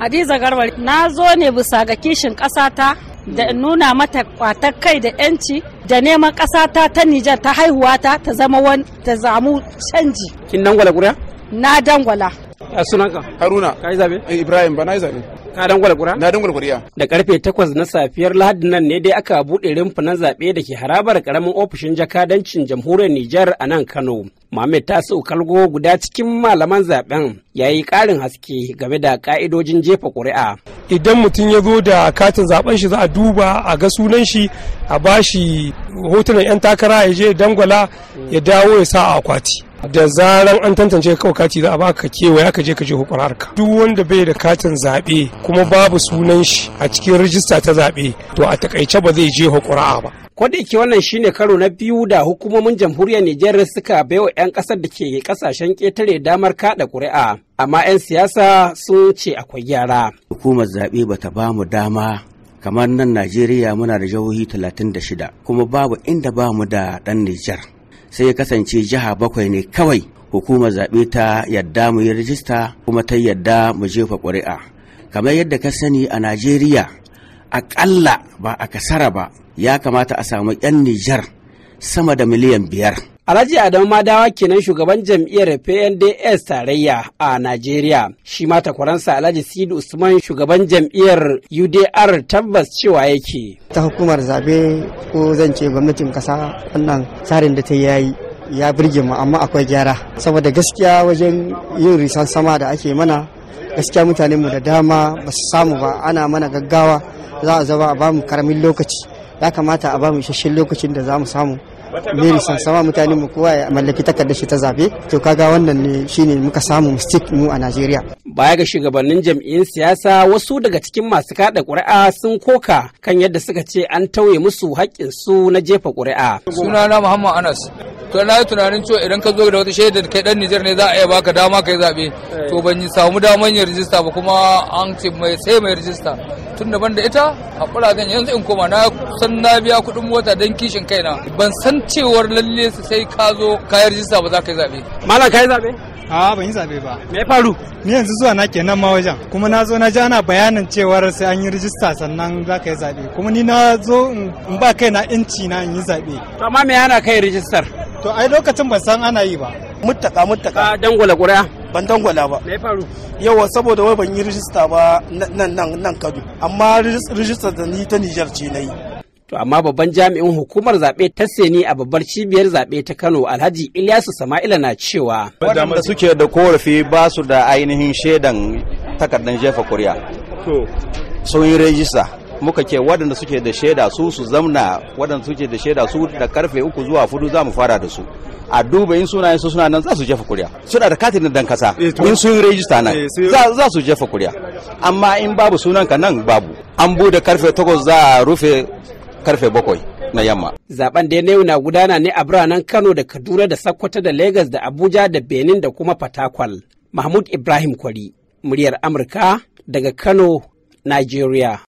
Hadiza Garba na zo ne bisa ga kishin ƙasata da nuna mata kwatar kai da 'yanci da neman ƙasata ta Nijar ta haihuwata ta zama wani ta zamu canji. Kin dangwala ƙuri'a? Na dangwala. Asunanka sunanka? Haruna. Ka yi zabe? Eh, Ibrahim ba na yi zabe. Ka dangwala kura? Na dangwala kuriya. Da karfe takwas na safiyar Lahadin nan ne dai aka buɗe rumfunan zaɓe da ke harabar karamin ofishin jakadancin jamhuriyar Nijar a nan Kano. ta so Kalgo guda cikin malaman zaɓen, ya yi ƙarin haske game da ƙa'idojin jefa ƙuri'a. Idan mutum ya zo da katin zaɓen shi za a duba a ga sunan shi a bashi hotunan 'yan takara ya je dangwala ya dawo ya sa akwati. da zarar an tantance kawai kati za a baka kewaya ka je ka je hukurarka duk wanda bai da katin zaɓe kuma babu sunan shi a cikin rijista ta zaɓe to a takaice ba zai je hukura'a ba yake wannan shine karo na biyu da hukumomin jamhuriyar Nijar suka baiwa 'yan kasar da ke kasashen ketare damar kaɗa ƙuri'a, amma 'yan siyasa sun ce akwai gyara. Hukumar zaɓe bata ba mu dama kamar nan Najeriya muna da jihohi 36 kuma babu inda ba mu da ɗan Nijar. sai ya kasance jiha bakwai ne kawai hukumar zaɓe ta yadda mu yi rajista kuma ta yadda mu jefa ƙuri'a kamar yadda ka sani a najeriya aƙalla ba a kasara ba ya kamata a samu 'yan nijar sama da miliyan biyar Alhaji Adamu Madawa kenan shugaban jam'iyyar PNDS tarayya a Najeriya. Shi ma takwaransa Alhaji Sidi Usman shugaban jam'iyyar UDR tabbas cewa yake. Ta hukumar zabe ko zan ce gwamnatin kasa wannan tsarin da ta yayi ya burge mu amma akwai gyara saboda gaskiya wajen yin risan sama da ake mana gaskiya mu da dama ba su samu ba ana mana gaggawa za a zama a bamu karamin lokaci ya kamata a bamu isasshen lokacin da za mu samu beri san sama mutane mu kowa ya mallaki takardar shi ta zabe to kaga wannan ne shine muka samu mistake mu a Najeriya baya ga shugabannin jam'iyyun siyasa wasu daga cikin masu kada ƙuri'a sun koka kan yadda suka ce an tauye musu haƙƙin su na jefa ƙuri'a sunana Muhammad Anas to na yi tunanin cewa idan ka zo da wata shaidar kai dan Nijar ne za a iya baka dama kai zabe eh. to ban samu daman yin rijista ba kuma an ce mai sai mai rijista tun da ban da ita a kurajen yanzu in koma na san na biya kuɗin mota don kishin kaina ban san cewar lalle sai ka zo ka yi rijista ba za ka yi zabe mala ka yi zabe a ban yi zabe ba me faru ni yanzu zuwa na kenan ma wajen kuma na zo na ji ana bayanin cewar sai an yi rijista sannan za ka yi zabe kuma ni na zo in ba kai na inci na in yi zabe amma me yana kai rijistar To ai lokacin ban san ana yi ba. Muttaka muttaka. Ka dangwala ƙuri'a. Ban dangwala ba. Me faru? Yawa saboda wai ban yi rijista ba nan nan nan Kano. Amma rijista da ni ta Nijar ce na yi. To amma babban jami'in hukumar zaɓe ta Seni a babbar cibiyar zaɓe ta Kano Alhaji Ilyasu Sama'ila na cewa. Wadanda suke da korafi ba su da ainihin shaidan takardar jefa kuri'a. To. Sun yi rijista. muka ce waɗanda suke da shaida su su zamna waɗanda suke da shaida su da karfe uku zuwa fudu za mu fara da su a duba in suna su suna nan za su jefa kuriya suna da katin dan kasa eh, in sun rejista nan eh, za su jefa kuriya amma in babu sunan ka nan babu an bude karfe takwas za a rufe karfe bakwai na yamma. Zaben da ya na gudana ne a biranen Kano da Kaduna da Sokoto da Legas da Abuja da Benin da kuma Fatakwal. Mahmud Ibrahim Kwari, muryar Amurka daga Kano, Nigeria.